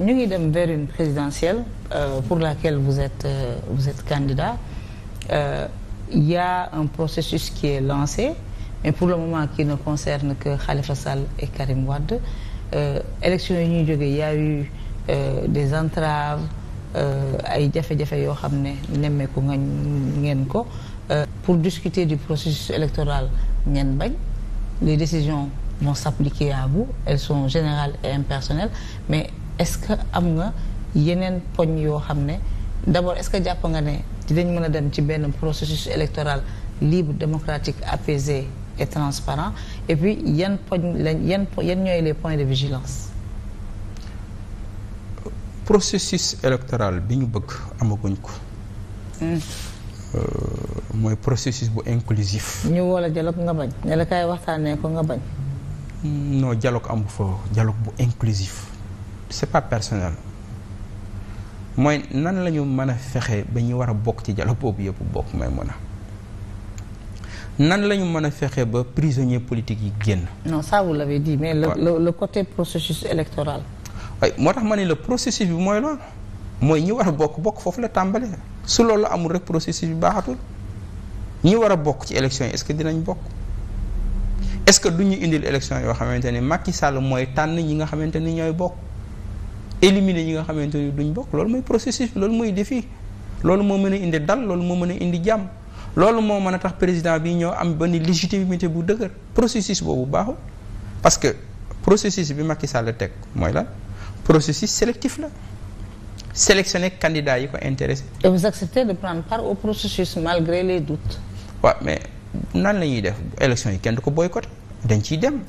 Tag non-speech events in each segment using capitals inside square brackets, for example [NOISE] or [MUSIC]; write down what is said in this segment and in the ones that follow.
ñu ngi dem vers une présidentielle euh, pour laquelle vous êtes euh, vous êtes candidat il euh, un processus qui est lancé mais pour le moment qui ne concerne que Khalifa Sall et Karim Wade euh, élection yi ñuy jógee ya a eu des entraves ay jafe-jafe yoo xam ne nemmeeku nga ngeen ko pour discuter du processus électoral ngeen bañ les décisions vont s'appliquer à vous elles sont générales et impersonnelles est-ce que am nga yeneen poñ yoo xam ne d'abord est-ce que jàpp nga ne di dinañ mën a dem ci benn processus électoral libre démocratique apaisé et transparent et puis yan poñ lañ yan yan ñooy les points de vigilance processus électoral bi ñu bëgg amaguñ ko hmm. euh, mooy processus bu inclusif ñu woo la dialogue nga bañ ne la kaay waxtaanee ko nga bañ non dialogue amu fa dialogue bu inclusif c'est pas personnel mooy nan lañu mën a fexe ba ñu war a bokk ci dialogue boobu yëpp bokk may mën a nan la ñu mën a fexe ba prisonniers politiques yi génn. non ça vous l'avez mais le, le côté processus électoral. ay moo tax ma ne la processus bi mooy loolu mooy ñi war a bokk bokk foofu la tàmbalee su loolu amul rek processus bi baaxatul ñi war a bokk ci élection yi est-ce que dinañ bokk est-ce que du ñu indil élection yoo xamante ni Macky Sall mooy tànn ñi nga xamante ni ñooy bokk. éliminer ñi nga xamante ni duñ bokk loolu mooy processus loolu mooy défi loolu moo mën a indi dal loolu moo mën a indi jàmm loolu moo mën a tax président bi ñoo am benn légitimité bu dëgër processus boobu baaxul parce que processus bi Macky Sall teg mooy lan processus sélectif la sélectionner candidat yi ko intéressé. et vous acceptez de prendre part au processus malgré les doutes. waaw mais nan la ñuy def élection yi kenn du ko boycotté dañ ciy dem.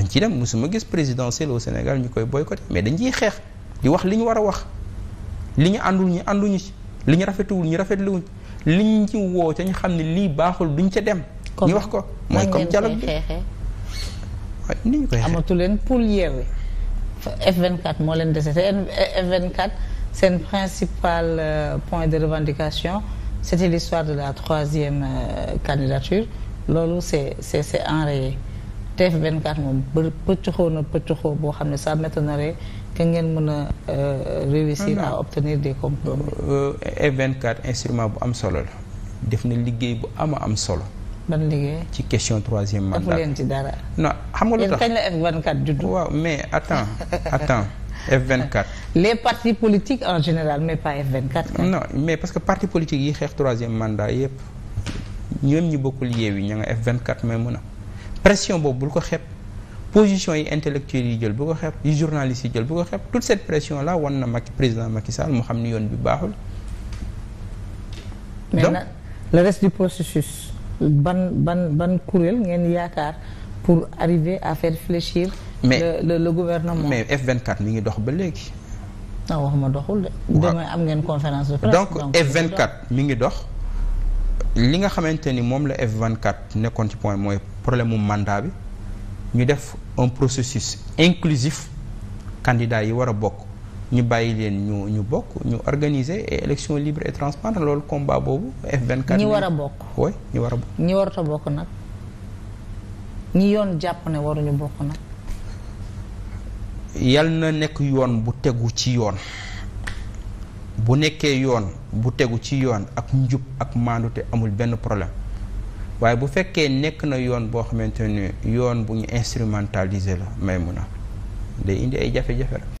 dañ ci dem mosuma gis présidentiel au Sénégal ñu koy boycotté mais dañ ciy xeex di wax li ñu war a wax li ñu àndul ñu ànduñu ci li ñu rafetuwul ñu rafetluwuñ li ñu ci woo ca ñu xam ne lii baaxul duñ ca dem. ñu wax ko mooy comme dialogue bi leen pour yeewi f quatre moo leen dese te F24 seen principal euh, point de revendication c'était l'histoire de la troisième euh, candidature loolu c'est c'est c'est enrayé f TF24 moom pëccuxoo na pëccuxoo boo xam ne na m'étonnerait que ngeen mën a euh, réussir à obtenir des compromis euh, F24 instrument bu am solo la def na liggéey bu ama am solo ban liggéey ci question troisième mandat leen ci dara non xam nga lu tax kañ la F24 juddu waaw mais attends attends F24. [LAUGHS] les partis politiques en général mais pas F24. non mais parce que parti politiques yi xeex troisième mandat yëpp ñoom ñi bokkul yeew yi ña nga F24 mais mun a pression boobu bul ko xeeb position yi intellectuels yi jël bu ko xeeb yi journalistes yi jël bu ko xeeb toute cette pression la wan na Macky président Macky Sall mu xam ni yoon bi baaxul. donc mais le reste du processus ban ban ban kuréel ngeen yaakaar pour arriver à faire fléchir. mais le le, le mais F24 mi ngi dox ba léegi. wax ma doxul de. demain am ngeen conférence donc, donc vingt 24 mi ngi dox. li nga xamante ni moom la F24 nekkoon ci point mooy. problème mu mandat bi ñu def un processus inclusif candidats yi war a bokk ñu bàyyi leen ñu ñu bokk ñu organiser et élection libre et transparente loolu combat boobu F24. ñi war a bokk oui ñi war a bokk. ñi warut a bokk nag ñi yoon jàpp ne waruñu bokk nag. yal na nekk yoon bu tegu ci yoon bu nekkee yoon bu tegu ci yoon ak njub ak maandute amul benn problème. waaye bu fekkee nekk na yoon boo xamante ne yoon bu ñu instrumentaliser la may mun a day indi ay jafe-jafe la